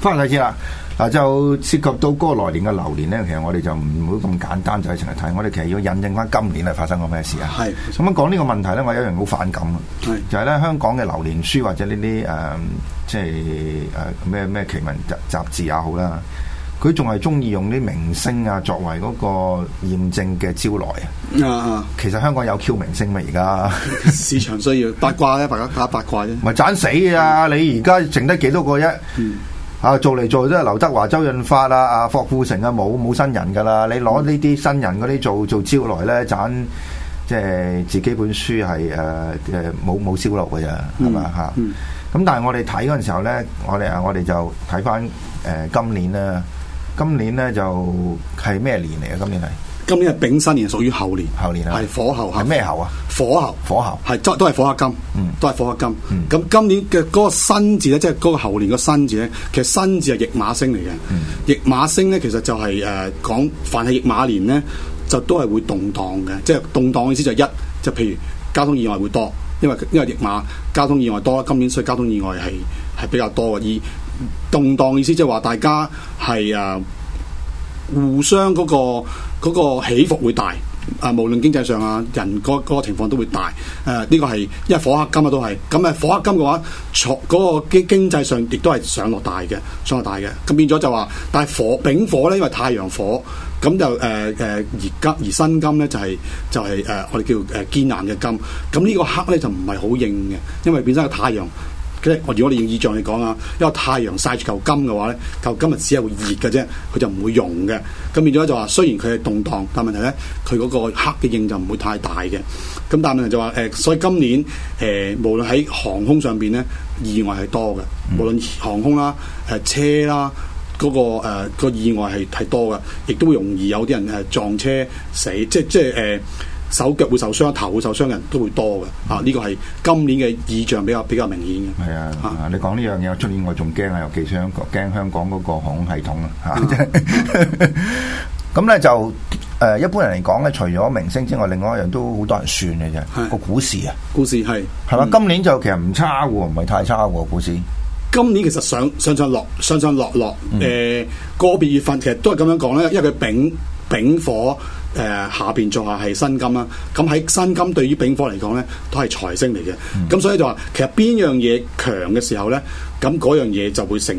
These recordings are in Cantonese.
翻嚟第二次啦，嗱就涉及到嗰個來年嘅流年咧。其實我哋就唔會咁簡單就係成嚟睇，我哋其實要引證翻今年係發生過咩事啊。咁樣講呢個問題咧，我有一樣好反感是就係咧香港嘅流年書或者呢啲誒即係誒咩咩奇聞雜雜誌也好啦，佢仲係中意用啲明星啊作為嗰個驗證嘅招來啊。其實香港有 Q 明星咪，而家？市場需要八卦咧、啊，大家打八卦啫、啊，咪斬、啊、死啊！你而家剩得幾多個啫？嗯啊，做嚟做都係劉德華、周潤發啊，阿霍富城啊，冇冇新人噶啦？你攞呢啲新人嗰啲做做招來咧，盞即係自己本書係誒誒冇冇銷路嘅咋，係嘛吓？咁、嗯嗯啊、但係我哋睇嗰陣時候咧，我哋啊我哋就睇翻誒今年啦。今年咧就係咩年嚟啊？今年係。就是今年係丙申年，屬於猴年，猴年啊猴猴，係火猴猴，係咩猴？啊？火猴，火猴，係都係火克金，嗯、都係火克金。咁、嗯、今年嘅嗰個申字咧，即係嗰個猴年個申字咧，其實申字係驛馬星嚟嘅。驛、嗯、馬星咧，其實就係誒講，凡係驛馬年咧，就都係會動盪嘅。即、就、係、是、動盪嘅意思就係一，就譬如交通意外會多，因為因為驛馬交通意外多，今年所以交通意外係係比較多嘅。二動盪意思即係話大家係啊。呃呃呃呃互相嗰、那個那個起伏會大，啊無論經濟上啊人嗰、那個情況都會大，誒、呃、呢、這個係因為火克金啊都係，咁啊火克金嘅話，坐嗰、那個經經濟上亦都係上落大嘅，上落大嘅，咁變咗就話，但係火丙火咧因為太陽火，咁就誒誒、呃、而金而新金咧就係、是、就係、是、誒、呃、我哋叫誒堅硬嘅金，咁呢個克咧就唔係好硬嘅，因為變咗個太陽。即係我如果我用意象嚟講啊，因為太陽曬住嚿金嘅話咧，嚿金啊只係會熱嘅啫，佢就唔會溶嘅。咁變咗就話，雖然佢係動盪，但問題咧，佢嗰個黑嘅影就唔會太大嘅。咁但問題就話誒、呃，所以今年誒、呃，無論喺航空上邊咧，意外係多嘅，無論航空啦、誒、呃、車啦，嗰、那個誒、呃那個、意外係係多嘅，亦都容易有啲人誒撞車死，即即係誒。呃手腳會受傷，頭會受傷嘅人都會多嘅，啊！呢個係今年嘅異象比較比較明顯嘅。係啊，啊你講呢樣嘢，我出年我仲驚啊，尤其是，驚香港嗰個航空系統啊！嚇、呃，咁咧就誒一般人嚟講咧，除咗明星之外，另外一樣都好多人算嘅啫，是個股市啊，股市係係嘛？吧嗯、今年就其實唔差喎，唔係太差喎，股市。今年其實上上上落上上落落誒個別月份，其實都係咁樣講咧，因為佢丙，因為佢丙，丙火。誒、呃、下邊做下係申金啦，咁喺申金對於丙火嚟講咧，都係財星嚟嘅，咁、嗯、所以就話其實邊樣嘢強嘅時候咧，咁嗰樣嘢就會成。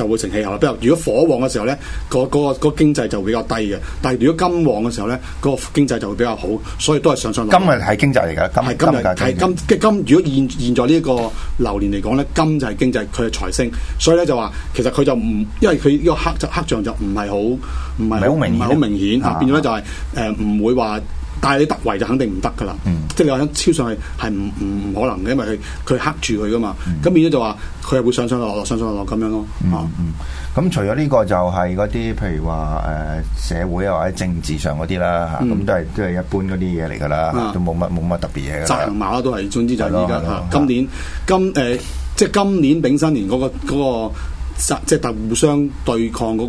就會成氣候啦。比如如果火旺嘅時候咧，嗰個、嗰個、嗰個經濟就會比較低嘅。但係如果金旺嘅時候咧，嗰個經濟就會比較好。所以都係上上今日係經濟嚟㗎，係今日係金。即係金。如果現在現在呢個流年嚟講咧，金就係經濟，佢係財星。所以咧就話，其實佢就唔，因為佢呢個黑黑象就唔係好，唔係好明，好明顯。明顯啊、變咗就係、是、誒，唔、呃、會話。但係你突圍就肯定唔得噶啦，嗯、即係你話想超上去係唔唔唔可能嘅，因為佢佢黑住佢噶嘛。咁變咗就話佢係會上上落落上上落落咁樣咯、嗯。嗯咁、嗯嗯、除咗呢個就係嗰啲，譬如話誒、呃、社會啊或者政治上嗰啲啦，咁、嗯、都係都係一般嗰啲嘢嚟噶啦，都冇乜冇乜特別嘢。扎行馬都係，總之就係而家今年今誒、呃、即係今年丙申年嗰、那個嗰、那個扎即係特互相對抗嗰、那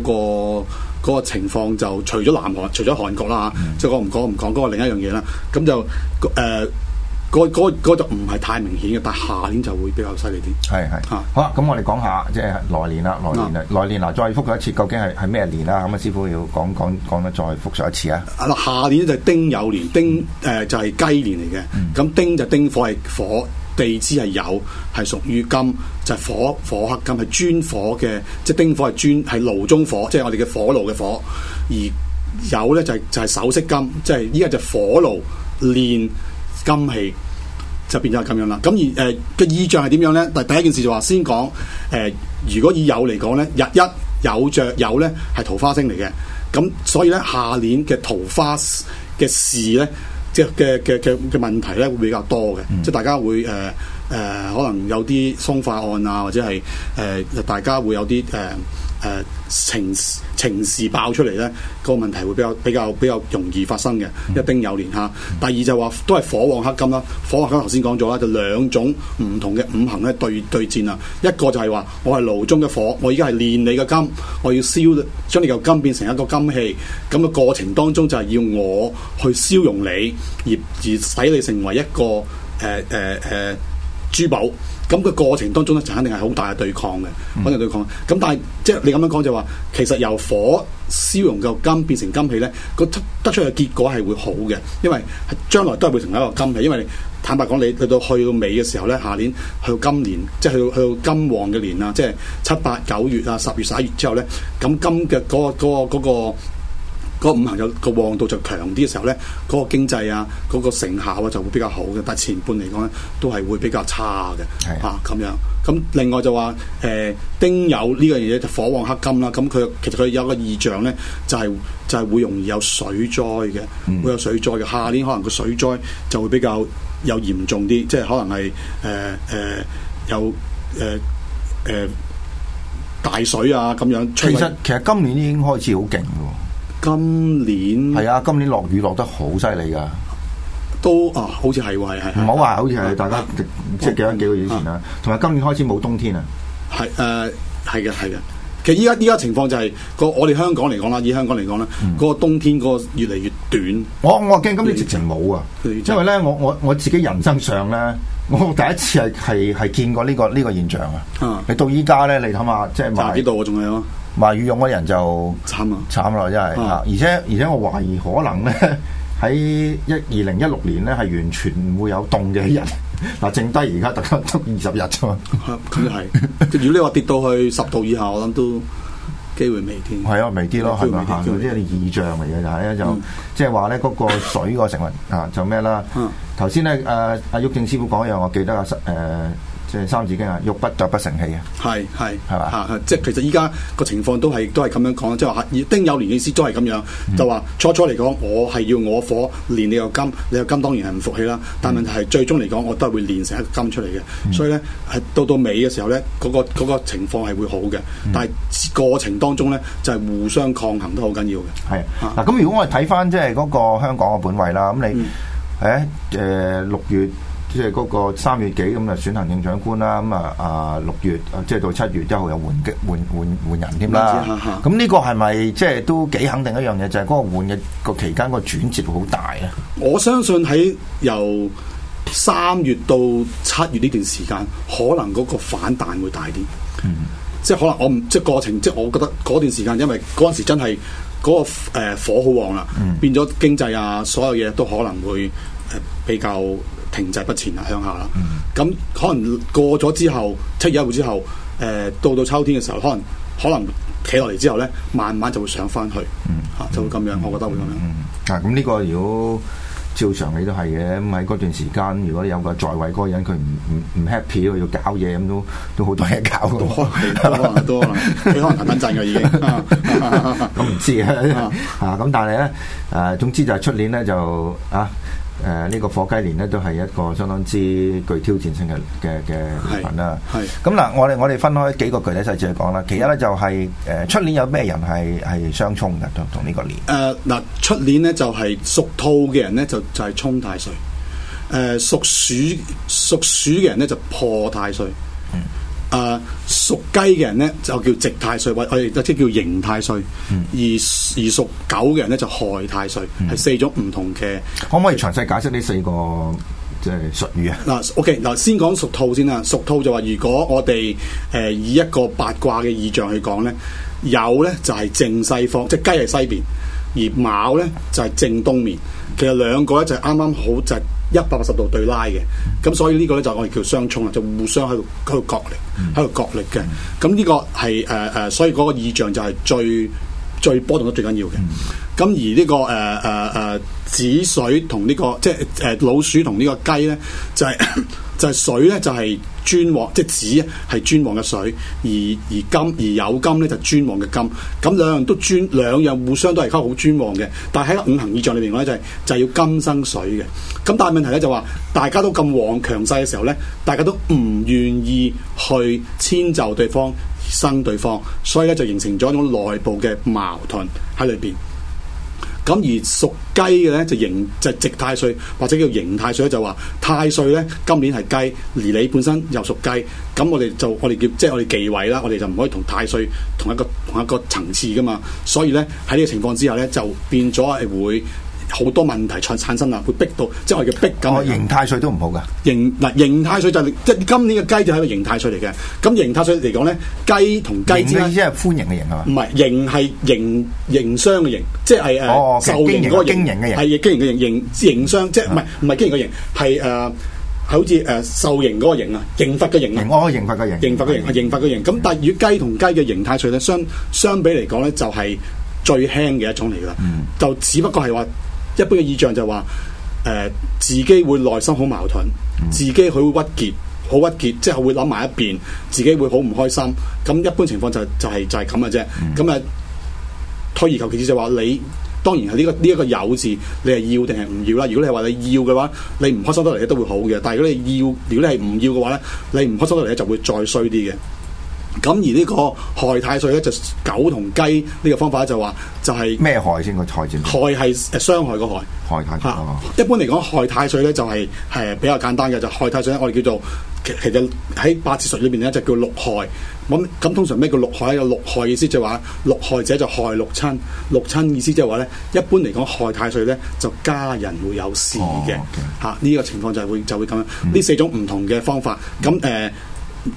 個。個情況就除咗南韓、除咗韓國啦嚇，即係講唔講唔講嗰個另一樣嘢啦。咁就誒，呃嗰個嗰個嗰個就唔係太明顯嘅，但係下年就會比較犀利啲。係係是。嚇、啊！好啦，咁我哋講下即係、就係、來年啦，來年嚟，來年嗱再復佢一次，究竟係係咩年啦？咁啊，師傅要講講講得再復述一次啊！啊，下年就係丁酉年，丁誒、呃、就係、是、雞年嚟嘅。咁、嗯啊、丁就丁火係火，地支係酉，係屬於金，就係、是、火火克金，係專火嘅，即係丁火係專係爐中火，即係我哋嘅火爐嘅火。而酉咧就係、是、就係、是、首飾金，即係依家，就火爐煉金器，就變咗係咁樣啦。咁而誒嘅、呃、意象係點樣咧？但係第一件事就話先講，誒、呃，如果以酉嚟講咧，日一酉着酉咧係桃花星嚟嘅，咁所以咧下年嘅桃花嘅事咧。即係嘅嘅嘅嘅問題咧會比較多嘅，嗯、即係大家會誒誒、呃呃、可能有啲鬆化案啊，或者係誒、呃、大家會有啲誒。呃誒、呃、情情勢爆出嚟呢、這個問題會比較比較比較容易發生嘅，一兵有連嚇。第二就話都係火旺克金啦，火旺克金頭先講咗啦，就兩種唔同嘅五行咧對對，對戰啊。一個就係話我係爐中嘅火，我而家係煉你嘅金，我要燒將你嚿金變成一個金器，咁嘅過程當中就係要我去燒融你，而而使你成為一個誒誒誒。呃呃呃珠寶咁嘅、那個、過程當中咧，就肯定係好大嘅對抗嘅，肯定對抗。咁但係即係你咁樣講就話，其實由火燒融個金變成金器咧，個得出嘅結果係會好嘅，因為將來都係會成為一個金器。因為坦白講，你去到去到尾嘅時候咧，下年去到今年，即係去去到金旺嘅年啊，即係七八九月啊，十月十一月之後咧，咁金嘅嗰個嗰嗰個。那個那個個五行有個旺度就強啲嘅時候咧，嗰個經濟啊，嗰個成效啊就會比較好嘅。但前半嚟講咧，都係會比較差嘅嚇咁樣。咁另外就話誒、呃、丁酉呢樣嘢就火旺克金啦。咁佢其實佢有個異象咧，就係、是、就係、是、會容易有水災嘅，嗯、會有水災嘅。下年可能個水災就會比較有嚴重啲，即係可能係誒誒有誒誒大水啊咁樣。其實其實今年已經開始好勁。今年係啊，今年落雨落得好犀利噶，都啊，好似係喎，係係。唔好話，好似係大家即係幾多幾個月以前啦，同埋今年開始冇冬天啊。係誒，係嘅，係嘅。其實依家依家情況就係個我哋香港嚟講啦，以香港嚟講啦，嗰個冬天嗰個越嚟越短。我我驚今年直情冇啊，因為咧，我我我自己人生上咧，我第一次係係係見過呢個呢個現象啊。你到依家咧，你諗下即係廿幾度，我仲係咯。買羽絨啲人就慘啦啊，慘咯，真係啊！而且而且我懷疑可能咧喺一二零一六年咧係完全唔會有凍嘅人，嗱，剩低而家特登得二十日啫嘛。咁又係，如果你話跌到去十度以下，我諗都機會未添。係啊，未啲咯，係咪啊？嗰啲係異象嚟嘅，就係咧就即係話咧嗰個水個成分啊，就咩啦？頭先咧誒，阿、啊啊、毓証師傅講嘢，我記得阿誒。啊即係《三字經》啊，玉不琢不成器啊。係係係嘛嚇，即係其實依家個情況都係都係咁樣講，即係話丁酉年意思都係咁樣，就話初初嚟講我係要我火煉你個金，你個金當然係唔服氣啦。但係問題係最終嚟講我都係會煉成一個金出嚟嘅，所以咧係到到尾嘅時候咧，嗰個嗰個情況係會好嘅，但係過程當中咧就係、是、互相抗衡都好緊要嘅。係嗱，咁、啊啊啊、如果我哋睇翻即係嗰個香港嘅本位啦，咁你誒誒六月。即係嗰個三月幾咁啊選行政長官啦，咁啊啊六月即係、就是、到七月一號又換擊換換換人添啦。咁呢、嗯嗯、個係咪即係都幾肯定一樣嘢？就係、是、嗰個換嘅個期間個轉折好大咧。我相信喺由三月到七月呢段時間，可能嗰個反彈會大啲。嗯、即係可能我唔即係過程，即係我覺得嗰段時間，因為嗰陣時真係嗰個火好旺啦，嗯、變咗經濟啊，所有嘢都可能會誒比較。停滯不前啊，向下啦。咁可能過咗之後，七月份之後，誒、呃、到到秋天嘅時候，可能可能企落嚟之後咧，慢慢就會上翻去。嗯，嚇、啊、就會咁樣，嗯、我覺得會咁樣。嗯、啊，係咁呢個如果照常理都係嘅。咁喺嗰段時間，如果你有個在位嗰個人，佢唔唔唔 happy，佢要搞嘢，咁都都好多嘢搞。多多 可、可、可能等陣嘅已經。咁 唔 知啊，咁但係咧，誒、啊而啊、總之就係出年咧就啊。啊啊啊啊啊啊啊誒，呢、呃，這個火雞年咧都係一個相當之具挑戰性嘅嘅嘅年份啦。係，咁嗱、嗯，我哋我哋分開幾個具體細節嚟，講啦。其一咧就係、是、誒、呃，出年有咩人係係相沖嘅同同呢個年？誒、呃，嗱，出年咧就係屬兔嘅人咧就就係沖太歲。誒，屬鼠屬鼠嘅人咧就破太歲。嗯。誒屬、uh, 雞嘅人咧就叫直太歲，或我哋即係叫刑太歲；嗯、而而屬狗嘅人咧就害太歲，係、嗯、四種唔同嘅。可唔可以詳細解釋呢四個即係、就是、術語啊？嗱，OK，嗱先講屬兔先啦。屬兔就話，如果我哋誒、呃、以一個八卦嘅意象去講咧，酉咧就係、是、正西方，即、就是、雞係西邊；而卯咧就係、是、正東面。其實兩個咧就啱、是、啱好直。就是一百八十度對拉嘅，咁所以個呢個咧就我哋叫相沖啊，就是就是、互相喺度喺度角力，喺度角力嘅。咁呢個係誒誒，所以嗰個意象就係最最波動得最緊要嘅。咁、嗯、而呢、呢個誒誒誒，紫水同呢、呢個即係誒、呃、老鼠同呢個雞咧，就係、是。 就係水咧，就係、是、專旺，即係指係專旺嘅水；而而金而有金咧，就專旺嘅金。咁兩樣都專兩樣互相都係溝好專旺嘅。但喺五行意象裏面講、就、咧、是，就係就係要金生水嘅。咁但係問題咧就話大家都咁旺強勢嘅時候咧，大家都唔願意去遷就對方生對方，所以咧就形成咗一種內部嘅矛盾喺裏邊。咁而屬雞嘅咧就刑就值太歲或者叫刑太歲咧，就話太歲咧今年係雞，而你本身又屬雞，咁我哋就我哋叫即係、就是、我哋忌位啦，我哋就唔可以同太歲同一個同一個層次㗎嘛，所以咧喺呢個情況之下咧就變咗係會。好多問題產產生啦，會逼到即係我哋叫逼咁。我形態稅都唔好噶。形嗱形態稅就即係今年嘅雞就係個形態稅嚟嘅。咁形態稅嚟講咧，雞同雞之間，即係歡迎嘅迎係嘛？唔係，形係形形商嘅形，即係誒受形嗰個形。係經營嘅形，係經營嘅形，形形商即係唔係唔係經營嘅形，係誒係好似誒受形嗰個形啊，刑罰嘅形啊，哦刑罰嘅形，刑罰嘅形，刑罰嘅形。咁但係與雞同雞嘅形態稅咧相相比嚟講咧，就係最輕嘅一種嚟㗎。嗯，就只不過係話。一般嘅意象就話、是，誒、呃，自己會內心好矛盾，嗯、自己佢會鬱結，好鬱結，即係會諗埋一邊，自己會好唔開心。咁一般情況就係、就係、是、就係咁嘅啫。咁啊、嗯，推而求其次就話、是，你當然係呢、這個呢一、這個酉字，你係要定係唔要啦。如果你係話你要嘅話，你唔開心得嚟咧都會好嘅。但係如果你要，如果你係唔要嘅話咧，你唔開心得嚟咧就會再衰啲嘅。咁而呢個害太歲咧就係，狗同雞呢個方法就話就係咩害先個害字？害係誒傷害個害。害太歲一般嚟講，害太歲咧就係誒比較簡單嘅，就害太歲咧我哋叫做其其實喺八字術裏邊咧就叫六害。咁咁通常咩叫六害咧？六害意思就話六害者就害六親，六親意思即係話咧一般嚟講，害太歲咧就家人會有事嘅嚇。呢、哦 okay. 啊呢個情況就會就會咁樣。呢、嗯、四種唔同嘅方法，咁誒、嗯。嗯呃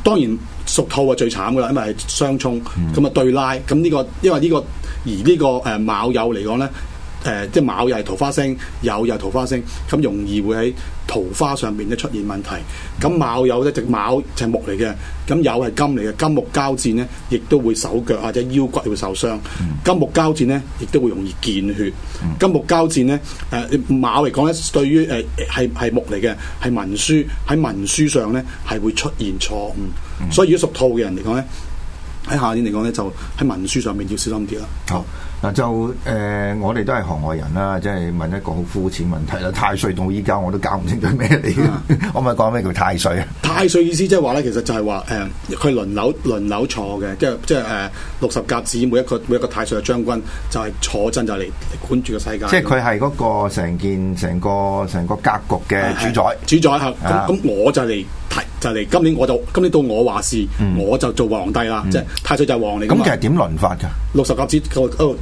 當然，屬兔就最慘噶啦，因為係雙沖，咁啊、嗯、對拉，咁呢、這個因為、這個這個呃、呢個而呢個誒卯酉嚟講咧。誒、呃、即係卯又係桃花星，酉又係桃花星，咁容易會喺桃花上面咧出現問題。咁卯酉咧，只卯就係木嚟嘅，咁酉係金嚟嘅，金木交戰咧，亦都會手腳或者腰骨會受傷。金木交戰咧，亦都會容易見血。嗯、金木交戰咧，誒卯嚟講咧，對於誒係係木嚟嘅，係文書喺文書上咧係會出現錯誤。嗯、所以如果屬兔嘅人嚟講咧，喺下年嚟講咧，就喺文書上面要小心啲啦。好。嗱就誒，我哋都係行外人啦，即係問一個好膚淺問題啦。太歲到依家我都搞唔清楚咩嚟嘅，我咪講咩叫太歲啊？太歲意思即係話咧，其實就係話誒，佢輪流輪流坐嘅，即係即係誒六十甲子每一個每一個太歲嘅將軍就係坐鎮就嚟管住個世界。即係佢係嗰個成件成個成個格局嘅主宰。主宰嚇，咁咁我就嚟提，就嚟今年我就今年到我話事，我就做皇帝啦。即係太歲就係王嚟。咁其實點輪法㗎？六十甲子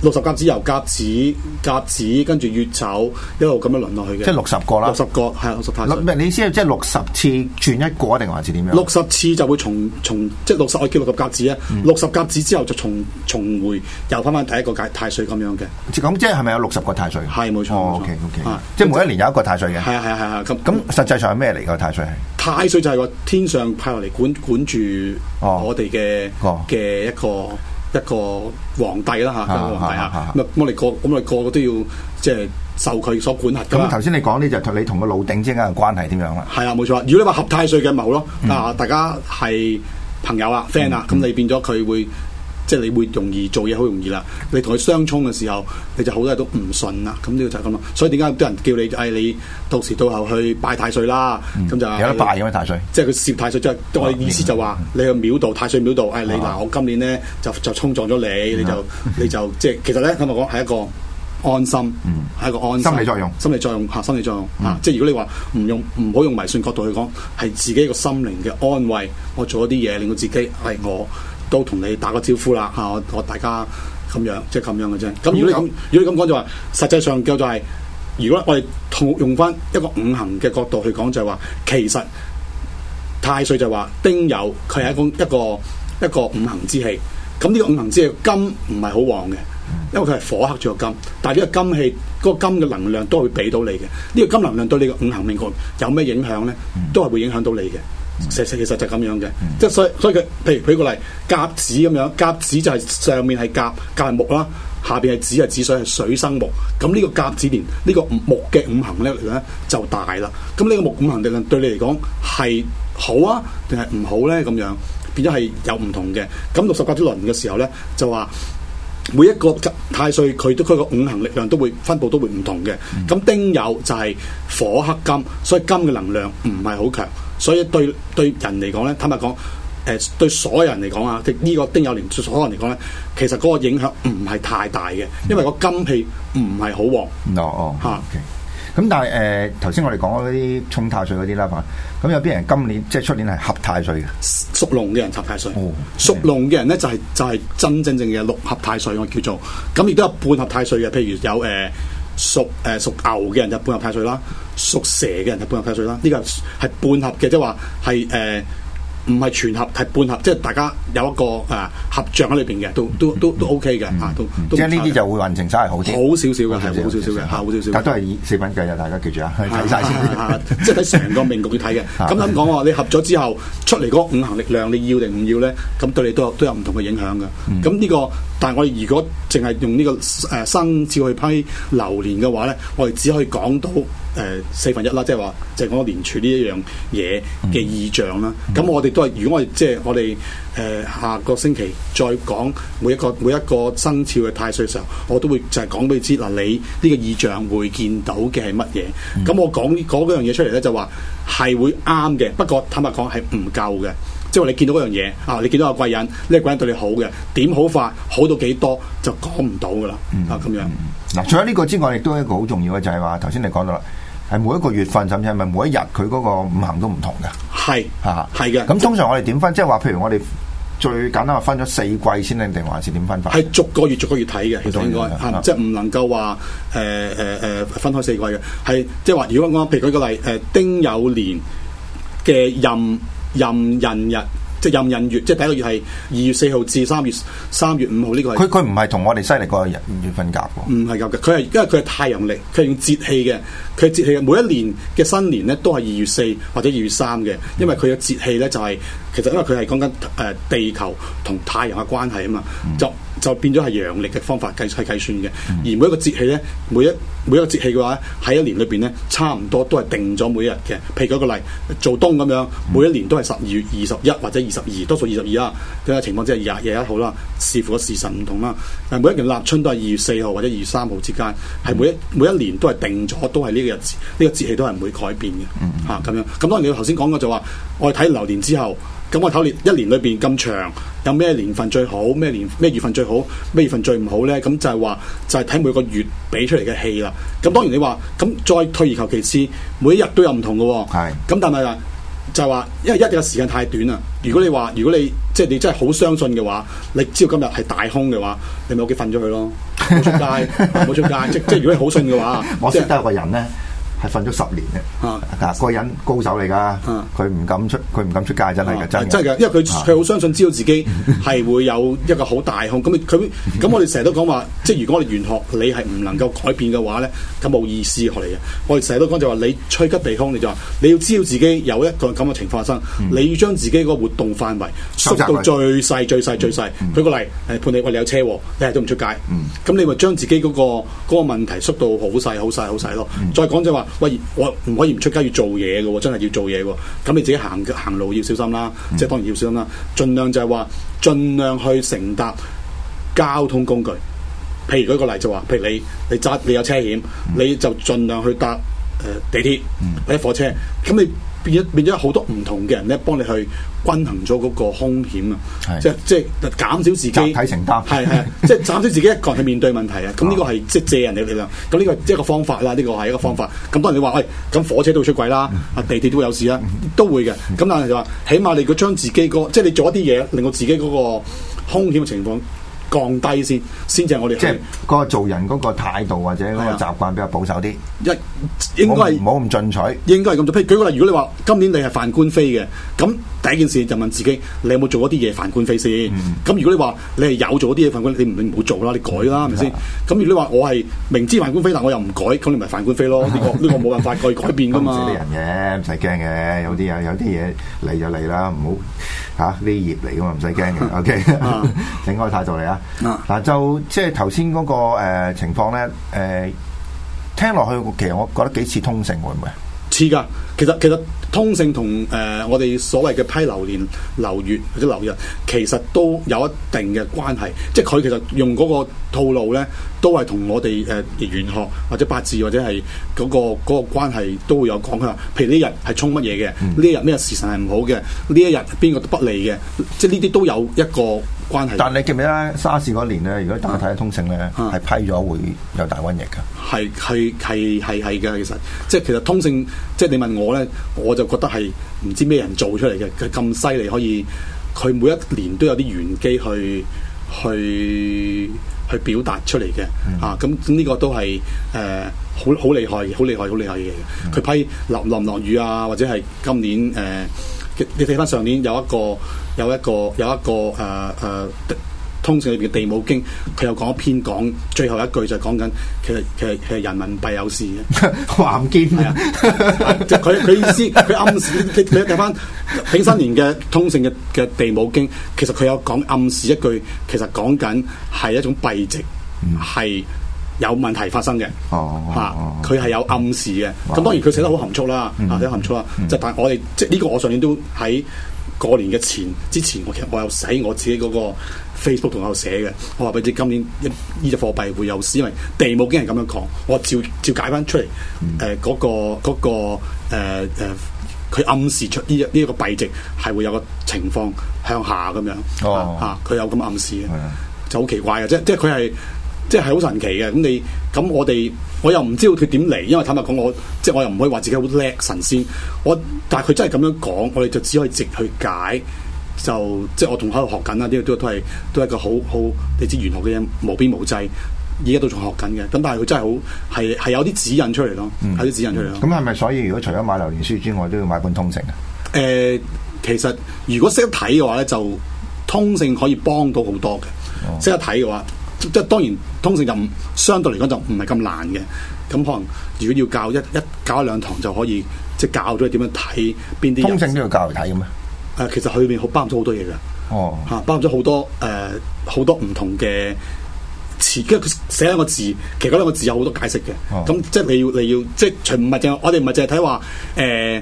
六十甲子、由甲子、甲子，跟住月走，一路咁樣輪落去嘅。即係六十個啦。六十個係六十太歲。你意思即係六十次轉一個定還是點樣？六十次就會重重，即係六十我叫六十甲子啊。六十甲子之後就重重回又翻翻第一個太歲咁樣嘅。即係咁，即係係咪有六十個太歲？係冇錯。O K O K，即係每一年有一個太歲嘅。係啊係啊係啊咁。咁實際上係咩嚟㗎？太歲係？太歲就係話天上派落嚟管管住我哋嘅嘅一個。一個皇帝啦嚇，咁個皇帝啊，咁我哋個，咁我哋個個都要即係受佢所管轄，咁頭先你講呢就同你同個老頂之間嘅關係點樣啦？係啊、嗯，冇錯。如果你話合太歲嘅謀咯，啊大家係朋友啊 friend 啊，咁你變咗佢會。嗯嗯嗯嗯嗯即係你會容易做嘢好容易啦，你同佢相沖嘅時候，你就好多人都唔信啦。咁呢個就係咁咯。所以點解啲人叫你誒你到時到後去拜太歲啦？咁就有得拜咁樣太歲？即係佢攝太歲，即係我意思就話你去廟度太歲廟度誒，你嗱我今年咧就就衝撞咗你，你就你就即係其實咧咁嚟講係一個安心，係一個安心心理作用，心理作用吓，心理作用即係如果你話唔用唔好用迷信角度去講，係自己一個心靈嘅安慰。我做咗啲嘢令到自己係我。都同你打個招呼啦，吓、啊、我大家咁樣，即係咁樣嘅啫。咁如果你咁，如果你咁講就話，實際上叫做係，如果我哋同用翻一個五行嘅角度去講，就係話，其實太歲就話丁酉，佢係一個一個，一個五行之氣。咁呢個五行之氣金唔係好旺嘅，因為佢係火克住個金。但係呢個金氣，嗰、那個金嘅能量都會俾到你嘅。呢、這個金能量對你嘅五行命局有咩影響咧？都係會影響到你嘅。實實其實就咁樣嘅，即係所以所以佢，譬如舉個例，甲子咁樣，甲子就係上面係甲，甲係木啦，下邊係子係子水，所以係水生木。咁呢個甲子年呢個木嘅五行力量呢就大啦。咁呢個木五行力量對你嚟講係好啊，定係唔好咧？咁樣變咗係有唔同嘅。咁六十甲子輪嘅時候咧，就話每一個太歲佢都佢個五行力量都會分布都會唔同嘅。咁丁酉就係火克金，所以金嘅能量唔係好強。所以對對人嚟講咧，坦白講，誒、呃、對所有人嚟講啊，即係呢個丁酉年所有人嚟講咧，其實嗰個影響唔係太大嘅，因為個金氣唔係好旺。哦哦嚇。咁、hmm. 啊 okay. 但係誒頭先我哋講嗰啲沖太歲嗰啲啦，咁有啲人今年即係出年係合太歲嘅，屬龍嘅人合太歲。哦、oh, okay.，屬龍嘅人咧就係、是、就係、是、真真正正嘅六合太歲我叫做，咁亦都有半合太歲嘅，譬如有誒屬誒屬牛嘅人就半合太歲啦。屬蛇嘅人係半合太歲啦，呢個係半合嘅，即係話係誒，唔係全合，係半合。即係大家有一個誒合象喺裏邊嘅，都都都都 O K 嘅，啊，都即係呢啲就會運程稍係好好少少嘅，係好少少嘅，好少少。但係都係以四分計嘅，大家記住啊，睇晒先，即係睇成個命局要睇嘅。咁咁講喎，你合咗之後出嚟嗰五行力量，你要定唔要咧？咁對你都有都有唔同嘅影響嘅。咁呢、嗯這個。但係我哋如果淨係用、這個呃、呢個誒生肖去批流年嘅話咧，我哋只可以講到誒、呃、四分一啦，即係話淨講年柱呢一樣嘢嘅意象啦。咁、嗯嗯、我哋都係，如果我哋即係我哋誒、呃、下個星期再講每一個每一個生肖嘅太歲嘅時候，我都會就係講俾你知嗱、呃，你呢個意象會見到嘅係乜嘢？咁、嗯、我講講嗰樣嘢出嚟咧，就話係會啱嘅，不過坦白講係唔夠嘅。即係你見到嗰樣嘢啊，你見到個貴人，呢、這個貴人對你好嘅，點好法，好到幾多就講唔到噶啦咁樣。嗱、嗯，除咗呢個之外，亦都一個好重要嘅就係、是、話，頭先你講到啦，係每一個月份，甚至係咪每一日，佢嗰個五行都唔同噶。係啊，係嘅。咁通常我哋點分，即係話，譬如我哋最簡單話分咗四季先定定，還是點分法？係逐個月逐個月睇嘅，其實應該啊，即係唔能夠話誒誒誒分開四季嘅。係即係話，如果我譬如舉、呃呃呃呃、個例，誒、就是呃呃、丁酉年嘅任。呃呃呃任人日即係任人月，即係第一個月係二月四號至三月三月五號呢個。佢佢唔係同我哋西嚟個月月份夾喎。唔係夾嘅，佢係因為佢係太陽曆，佢係用節氣嘅，佢係節氣嘅，每一年嘅新年咧都係二月四或者二月三嘅，因為佢嘅節氣咧就係、係、其實因為佢係講緊誒地球同太陽嘅關係啊嘛，就。嗯就變咗係陽曆嘅方法計係計算嘅，而每一個節氣咧，每一每一個節氣嘅話喺一年裏邊咧，差唔多都係定咗每一日嘅。譬如舉個例，做冬咁樣，每一年都係十二月二十一或者二十二，多數二十二啊嘅情況之下，即係廿廿一號啦，視乎個時辰唔同啦。但每一年立春都係二月四號或者二月三號之間，係每一每一年都係定咗，都係呢個日子，呢、呢個節氣都係唔會改變嘅。嚇咁、嗯嗯啊、樣，咁、啊、當然你頭先講過就話，我哋睇流年之後。咁我睇年一年裏邊咁長，有咩年份最好？咩年咩月份最好？咩月份最唔好咧？咁就係話，就係、是、睇每個月俾出嚟嘅氣啦。咁當然你話，咁再退而求其次，每一日都有唔同嘅喎、哦。咁是但係就係話，因為一日嘅時間太短啦。如果你話，如果你即係、就是、你真係好相信嘅話，你只要今日係大空嘅話，你咪屋企瞓咗佢咯。冇出街，冇、 啊、出街。即 即係如果你好信嘅話，我識得個人咧。就是係瞓咗十年嘅。嗱、啊、嗰、啊、人高手嚟噶，佢唔、啊、敢出，佢唔敢出街，真係噶，真噶，因為佢佢好相信，知道自己係會有一個好大控，咁佢， 咁我哋成日都講話，即係如果我哋玄學你係唔能夠改變嘅話咧，咁冇意思學嚟嘅。我哋成日都講就話你趨吉避凶，你就話你要知道自己有一個咁嘅情況發生。嗯、你要將自己個活動範圍縮到最細、最細、嗯、最、嗯、細。舉個例，判、哎、你話你有車，你係都唔出街，咁、嗯、你咪將自己嗰、那個嗰、那個問題縮到好細、好細、好細咯。嗯、再講就話。喂，我唔可以唔出街要做嘢嘅、哦，真係要做嘢喎、哦。咁你自己行行路要小心啦，嗯、即係當然要小心啦。儘量就係話，儘量去乘搭交通工具。譬如舉個例就話、是，譬如你你揸，你有車險，你就儘量去搭誒、呃、地鐵、嗯、或者火車。咁你。變咗變咗好多唔同嘅人咧，幫你去均衡咗嗰個風險啊！是即即減少自己集體承擔，係係，即減少自己， 自己一個人去面對問題啊！咁呢 個係即借人哋力量，咁呢個即一個方法啦。呢、呢個係一個方法。咁當然你話喂，咁、哎、火車都會出軌啦，啊 地鐵都會有事啦、啊，都會嘅。咁但係就話，起碼你如果將自己個即你做一啲嘢，令到自己嗰個風險嘅情況降低先，先至係我哋即係嗰個做人嗰個態度或者嗰個習慣比較保守啲。一、啊、應該唔好咁進取，應該係咁做。譬如舉個例，如果你話今年你係犯官非嘅，咁第一件事就問自己，你有冇做嗰啲嘢犯官非先？咁、嗯、如果你話你係有做嗰啲嘢犯官非，你唔你唔好做啦，你改啦，係咪先？咁、啊啊、如果你話我係明知犯官非，但我又唔改，咁你咪犯官非咯？呢、 呢個呢 個冇辦法去改變噶嘛。啲 人嘅唔使驚嘅，有啲有有啲嘢嚟就嚟啦，唔好嚇啲業嚟噶嘛，唔使驚嘅。OK，正確嘅態度嚟啊！嗱嗱、啊、就即係頭先嗰個誒、呃、情況咧，誒、呃、聽落去，其實我覺得幾似通勝會唔會？似噶，其實其實通勝同誒我哋所謂嘅批流年、流月或者流日，其實都有一定嘅關係。即係佢其實用嗰個套路咧，都係同我哋誒玄學或者八字或者係嗰、那個嗰、那個那個關係都會有講。譬如呢日係衝乜嘢嘅，呢、嗯、一日咩時辰係唔好嘅，呢一日邊個都不利嘅，即係呢啲都有一個。關但你記唔記得沙士嗰年咧？如果大家睇《通勝、啊》咧，係批咗會有大瘟疫㗎。係係係係係嘅，其實即係其實通勝，即係你問我咧，我就覺得係唔知咩人做出嚟嘅，佢咁犀利可以，佢每一年都有啲玄機去去去，去表達出嚟嘅。嗯、啊，咁呢個都係誒、呃、好好厲害、好厲害、好厲害嘅嘢。佢批落落落，落，落雨啊，或者係今年誒。呃你睇翻上年有一個有一個有一個誒誒、呃啊、通勝裏邊嘅地母經，佢有講一篇講最後一句就講緊，其實其實其實人民幣有事嘅，話唔見。佢佢意思，佢暗示佢睇翻丙申年嘅通勝嘅嘅地母經，其實佢有講暗示一句，其實講緊係一種幣值，係、嗯。有問題發生嘅，嚇佢係有暗示嘅。咁當然佢寫得好含蓄啦，啊寫含蓄啦。就但係我哋即係呢個，我上年都喺過年嘅前之前，我其實我有寫我自己嗰個 Facebook 同我寫嘅。我話俾你知，今年呢隻貨幣會有市，因為地母經係咁樣講，我照照解翻出嚟。誒嗰個嗰個佢暗示出呢呢一個幣值係會有個情況向下咁樣。嚇佢有咁暗示嘅，就好奇怪嘅，即即係佢係。即係好神奇嘅，咁你咁我哋我又唔知道佢點嚟，因為坦白講，我即係我又唔可以話自己好叻神仙，我但係佢真係咁樣講，我哋就只可以直去解，就即係我仲喺度學緊啊！呢個都都係都係一個好好你知，玄學嘅嘢，無邊無際，而家都仲學緊嘅。咁但係佢真係好係係有啲指引出嚟咯，有啲指引出嚟咯。咁係咪所以如果除咗買流年書之外，都要買本通勝啊？誒，其實如果識得睇嘅話咧，就通勝可以幫到好多嘅。識得睇嘅話。即係當然，通勝就唔相對嚟講就唔係咁難嘅。咁可能如果要教一一教一兩堂就可以，即係教咗你點樣睇邊啲。通勝都要教嚟睇咁咩？誒、呃，其實佢裏面包含咗好多嘢嘅。哦，嚇、啊，包含咗好多誒，好、呃、多唔同嘅詞，因為佢寫兩個字，其實嗰兩個字有好多解釋嘅。咁、哦、即係你要你要，即係唔係淨我哋唔係淨係睇話誒。呃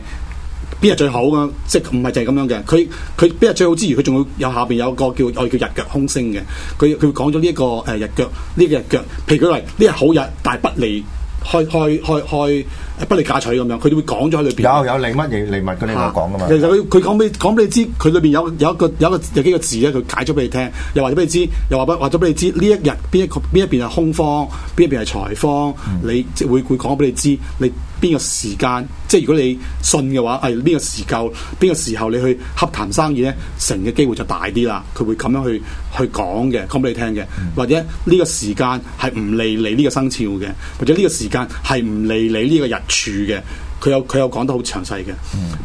邊日最好嘅、啊？即係唔係就係咁樣嘅。佢佢邊日最好之餘，佢仲會有下邊有個叫我叫日腳空升嘅。佢佢講咗呢一個誒、呃，日腳呢、這個日腳，譬如舉例，呢日好日但係不利，開開開開。不利嫁娶咁樣，佢哋會講咗喺裏邊。有有利乜嘢利物佢啲咪講噶嘛？其實佢佢講俾講俾你知，佢裏邊有有一個有一個有幾個字咧，佢解咗俾你聽。又或者俾你知，又話不話咗俾你知呢一日邊一個邊一邊係空方，邊一邊係財方。嗯、你即會會講俾你知，你邊個時間即係如果你信嘅話，係邊個時夠邊個時候你去洽談生意咧，成嘅機會就大啲啦。佢會咁樣去去講嘅，講俾你聽嘅。或者呢、呢個時間係唔利你呢個生肖嘅，或者呢個時間係唔利你呢個日住嘅，佢有佢有講得好詳細嘅。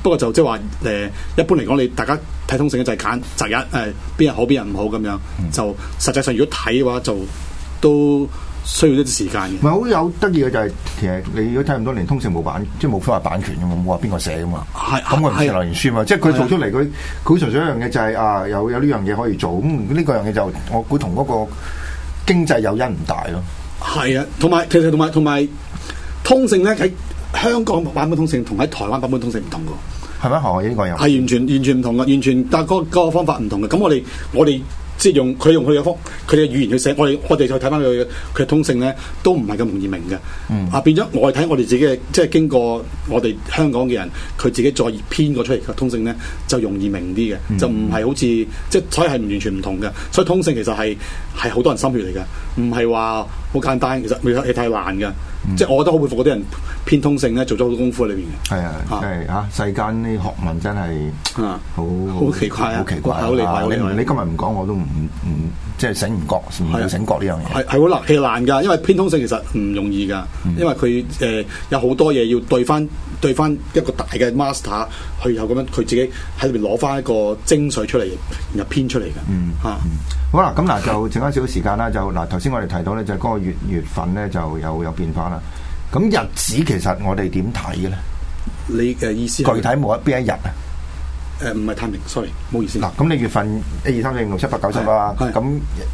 不過就即係話誒，一般嚟講，你大家睇通勝嘅就係揀擇日誒，邊日好邊日唔好咁樣。就實際上如果睇嘅話，就都需要一啲時間嘅。唔好有得意嘅就係其實你如果睇咁多年通勝冇版，即係冇發版權嘅嘛，冇話邊個寫嘅嘛，咁我唔知留言書嘛。即係佢做出嚟，佢佢純粹一樣嘢就係啊，有有呢樣嘢可以做，咁呢個樣嘢就我估同嗰個經濟有因唔大咯。係啊，同埋其實同埋同埋通勝咧喺。香港版本通勝同喺台灣版本通勝唔同噶，係咩？韓國、英國有？係完全完全唔同噶，完全，完全但係個方法唔同嘅。咁我哋我哋即係用佢用佢嘅方佢嘅語言去寫，我哋我哋再睇翻佢佢嘅通勝咧，都唔係咁容易明嘅。嗯、啊，變咗我哋睇我哋自己嘅，即係經過我哋香港嘅人，佢自己再編過出嚟嘅通勝咧，就容易明啲嘅，嗯、就唔係好似即係所以係完全唔同嘅。所以通勝其實係係好多人心血嚟嘅，唔係話好簡單。其實你太難嘅。即係我覺得好佩服嗰啲人編通勝咧，做咗好多功夫裏邊嘅。係啊，係啊，世間呢學問真係啊，好好好奇怪啊，好奇怪啊！你你今日唔講我都唔唔即係醒唔覺，唔會醒覺呢樣嘢。係係好難，係難㗎，因為編通勝其實唔容易㗎，嗯、因為佢誒、呃、有好多嘢要對翻對翻一個大嘅 master，佢有咁樣佢自己喺裏邊攞翻一個精髓出嚟，然後編出嚟嘅、啊嗯。嗯吓，好啦，咁嗱就剩翻少少時間啦，就嗱頭先我哋提到咧，就嗰個月月份咧就有有變化啦。嗯嗯嗯咁日子其實我哋點睇嘅咧？你嘅意思具體冇一邊一日啊？誒、呃，唔係太明，sorry，唔好意思。嗱，咁你月份一、啊、二三四五六七八九十啊？咁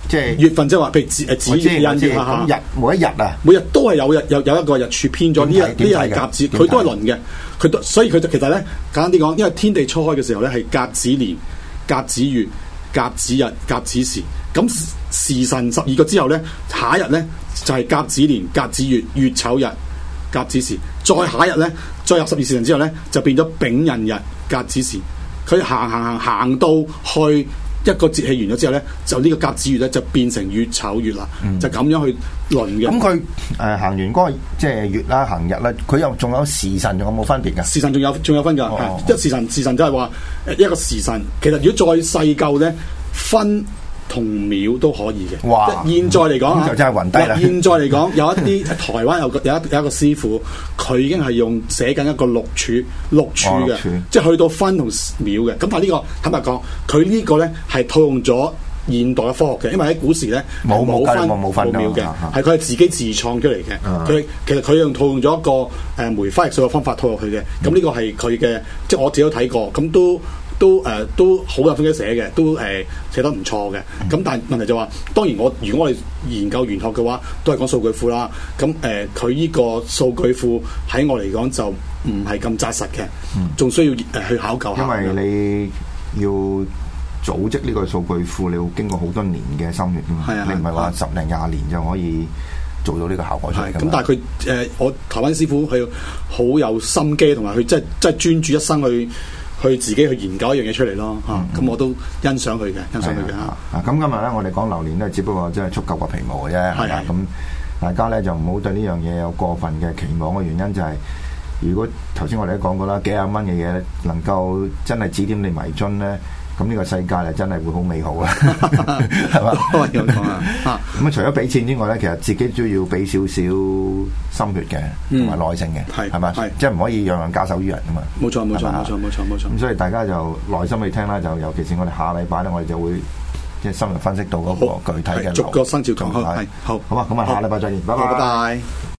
即係月份即係話，譬如指誒子月因啊吓。咁日，每一日啊，每日都係有日有有一個日柱編，咗呢日呢日係甲子，佢都係輪嘅，佢所以佢就其實咧簡單啲講，因為天地初開嘅時候咧係甲子年、甲子月、甲子日、甲子、甲子時。咁時辰十二個之後咧，下一日咧就係、是、甲子年、甲子月、乙丑日、甲子時。再下一日咧，再入十二時辰之後咧，就變咗丙寅日、甲子時。佢行行行行到去一個節氣完咗之後咧，就呢個甲子月咧就變成乙丑月啦，嗯、就咁樣去輪嘅。咁佢誒行完嗰、那個即係、就是、月啦、行日啦，佢又仲有時辰，仲有冇分別噶？時辰仲有仲有分㗎，一時辰時辰就係話誒一個時辰。其實如果再細究咧，分，同秒都可以嘅。哇！現在嚟講就真係暈低啦。現在嚟講，有一啲台灣有個有一有一個師傅，佢已經係用寫緊一個六柱六柱嘅，即係去到分同秒嘅。咁但係呢個坦白講，佢呢個咧係套用咗現代嘅科學嘅，因為喺古時咧冇分冇秒嘅，係佢係自己自創出嚟嘅。佢其實佢用套用咗一個誒梅花易數嘅方法套入去嘅。咁呢個係佢嘅，即係我自己都睇過，咁都。都誒都好有心機寫嘅，都誒、呃、寫得唔錯嘅。咁、嗯、但係問題就話、是，當然我如果我哋研究玄學嘅話，都係講數據庫啦。咁誒佢呢個數據庫喺我嚟講就唔係咁紮實嘅，仲需要誒、呃、去考究下。因為你要組織呢個數據庫，你要經過好多年嘅心血啊嘛。是的 你唔係話十零廿年就可以做到呢個效果出嚟咁、嗯、但係佢誒我台灣師傅佢好有心機，同埋佢即係即係專注一生去。 去自己去研究一樣嘢出嚟咯，咁、嗯啊、我都欣賞佢嘅，嗯、欣賞佢嘅嚇。咁今日咧，我哋講流年都只不過真係觸及個皮毛嘅啫，咁大家咧就唔好對呢樣嘢有過分嘅期望嘅原因就係、係，如果頭先我哋都講過啦，幾廿蚊嘅嘢能夠真係指點你迷津咧。咁呢個世界咧，真係會好美好啊，係嘛？咁啊，除咗俾錢之外咧，其實自己都要俾少少心血嘅，同埋耐性嘅，係嘛？係，即係唔可以樣樣假手於人啊嘛！冇錯，冇錯，冇錯，冇錯，冇錯。咁所以大家就耐心去聽啦，就尤其是我哋下個禮拜咧，我哋就會即係深入分析到嗰個具體嘅落點。逐個生肖好。好啊，咁啊，下禮拜再見，拜拜。